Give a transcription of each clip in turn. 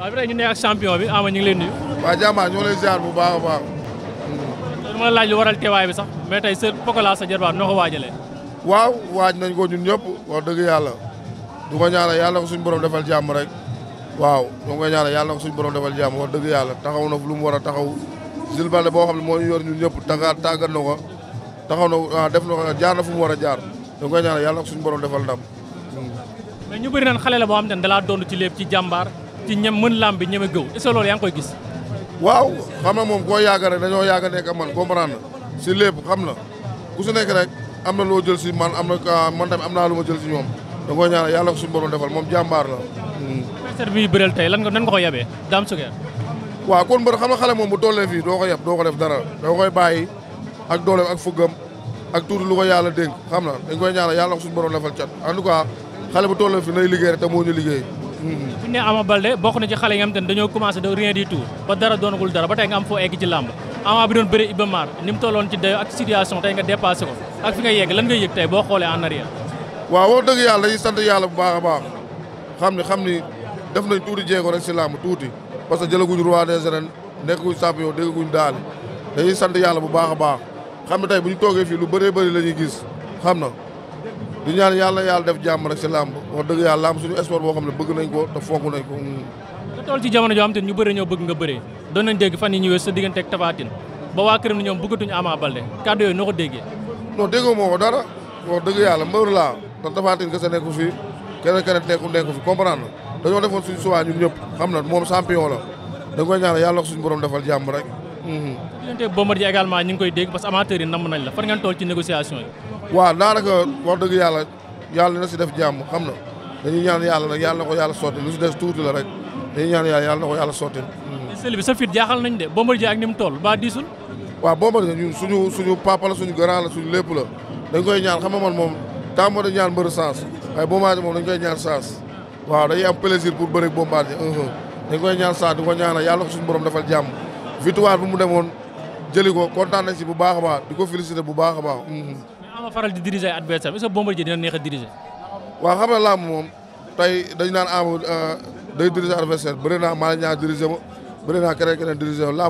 waaw bi ñu nekk ak bi Ama ñu ngi leen nuyu. waaw jàmbaar ñu ngi lay ziar bu baax a baax. loolu ma laaj lu waral teewaay bi sax mais tey sa Pokola sa jarbaat noo ko waajalee. waaw waaj nañ ko ñun ñëpp wax dëgg yàlla du ko ñaanal yàlla ko suñu borom defal jàmm rek waaw du ko ñaanal yàlla ko suñu borom defal jàmm wax dëgg yàlla taxaw na lu mu war a taxaw Jules Baldé boo xam ne moo ñu yor ñun ñëpp tàggat tàggat na ko taxaw na ah, def na jaar na mu war a jaar du ko ñaanal yàlla ko suñu borom defal ndam. mais ñu bëri naan xale la boo xam ne dalaa ci lépp ci jàmbaar ci ñem mën lam bi ñeme gëw est-ce yaa ngi koy gis. waaw xam na moom koo yàgg rek dañoo yàgg nekk man comprendre si lépp xam na ku si nekk rek am na loo jël si man am na man tamit am naa lu ma jël si ñoom da koy ñaanal yàlla ko suñu borom defal moom jàmbaar la. Hmm. adversaire bi bëreel tey lan nga nan nga ko yabee Dame Souguer. waaw kon mbër xam nga xale moom bu tollee fii doo ko yab doo ko def dara doo koy bàyyi ak dooleem ak fuggam ak tuuti lu ko yàlla dénk xam na dañ koy ñaanal yàlla ko suñu borom defal cat en tout cas xale bu ñu liggéey bu ñu nee Ama Balde bokk na ci xale yi dañoo commencé de rien du tout ba dara doonagul dara ba tey nga am foo egg ci làmb Ama bi doon bëri Iba Mar ni mu tolloon ci dayo ak situation tey nga dépassé ko ak fi nga yegg lan nga yëg tey boo xoolee en arrière. waaw dëgg yàlla yi sant yàlla bu baax a xam ni xam ni def nañ tuuti jéego rek si làmb tuuti parce que jëlaguñ roi des arènes nekkuñ champion dégguñ daal dañuy sant yàlla bu baax a baax xam ne tey bu ñu toogee fii lu bëree bëri la ñuy gis xam na di ñaan yàlla yàlla def jàmm rek si làmb wax dëgg yàlla làmb suñu sport boo xam ne bëgg nañ ko te fonk nañ ko. nga toll ci jamono joo xam te ñu bëri ñoo bëgg nga bëree doon nañ dégg fan yi ñu sa diggante ak ba waa këram ni ñoom bëggatuñu Ama Baldé kàddu yooyu noo ko déggee. non déggoo moo ko dara wax dëgg yàlla mbër laa te Tapha Tine kese nekku fi keneen keneen nekkul nekku fi comprendre na dañoo defoon suñu suwaa ñun ñëpp xam na moom champion la da koy ñaan yàlla suñu borom defal jàmm rek. Mhm. diggante Bombardier également ñu ngi koy dégg parce waaw daanaka wax dëgg yàlla yàlla na si def jàmm xam na dañuy ñaan yàlla nag yàlla na ko yàlla sotti lu si des tuuti la rek dañuy ñaan yàlla yàlla na ko yàlla sotti. Hmm. sëli bi sa fit jaaxal nañ de Bombardier ak ni mu toll ba diisul. waaw Bombardier ñun suñu suñu papa la suñu grand la suñu lépp la dañ koy ñaan xam nga man moom tàmmoo dañ ñaan mbër sens waaye Bombardier moom dañ koy ñaan sens waaw dañuy am plaisir pour bëre ak Bombardier dañ koy ñaan sens di ko ñaanal yàlla ko suñu borom defal jàmm victoire bu mu demoon jëli ko kontaan nañ si bu baax a baax di ko féliciter bu baax a baax hmm. ama faral di diriger adversaire est-ce que Bombardier dina neex a diriger. waaw xam moom tey euh, keneen keneen diriger la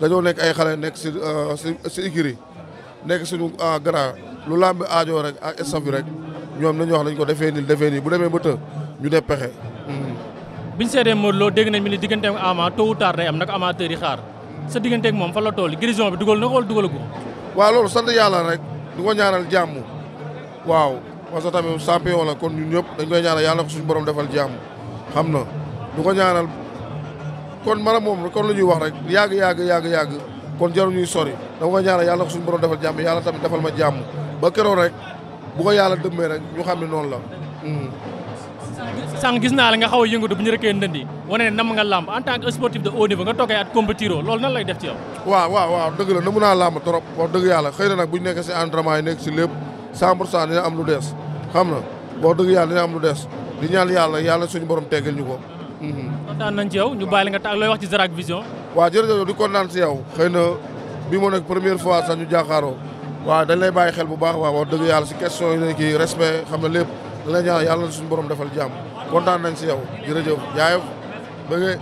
dañoo nekk ay xale nekk si euh, si si écurie euh, lu làmb bi aajoo rek ak staff bi rek ñoom nañu wax nañ ko defee nii defee nii bu ba të ñu def pexe. biñ seetee Modou Lo dégg nañ mi ni digganteem ama tôt ou tard day am nag amateur moom fa la tool grisson bi dugal na ko dugal ko. waaw loolu sant yàlla rek. di ko ñaanal jàmm waaw parce que tamit champion la kon ñu ñëpp dañ koy ñaanal yàlla ko suñu borom defal jàmm xam na du ko ñaanal kon mara moom kon lu ñuy wax rek yàgg yàgg yàgg yàgg kon jaru ñuy sori dama koy ñaanal yàlla ko suñu borom defal jàmm yàlla tamit defal ma jàmm ba keroog rek bu ko yàlla dëmmee rek ñu xam ne noonu la. Hmm. sang gis na la nga xaw a yëngatu bu ñu rëkkee ndëndi nam nga lamb en tant que sportif de haut niveau nga toogee at compétiro lool nan lay def ci yow wa wa wa deug la namu naa làmb trop wax dëgg yàlla xëy na nag bu ñu entraînement yi nekk si lépp 100 dina am lu dess xamna bo deug yalla dina am lu dess di ñaan yalla yalla suñu borom teggal ñu ko mhm. tan nañ ci yow ñu bàyyi nga tak loy wax ci Zarak Vision wa jere jërëjëf di kontaan ci yow xeyna bi mo nekk première fois sa ñu jaxaro wa dañ lay bàyyi xel bu baax wa wa deug yalla ci question yi ki respect xamna lepp la ñaan yàlla na suñu borom defal jàmm kontaan nañ si yow jërëjëf jaayëf bëggee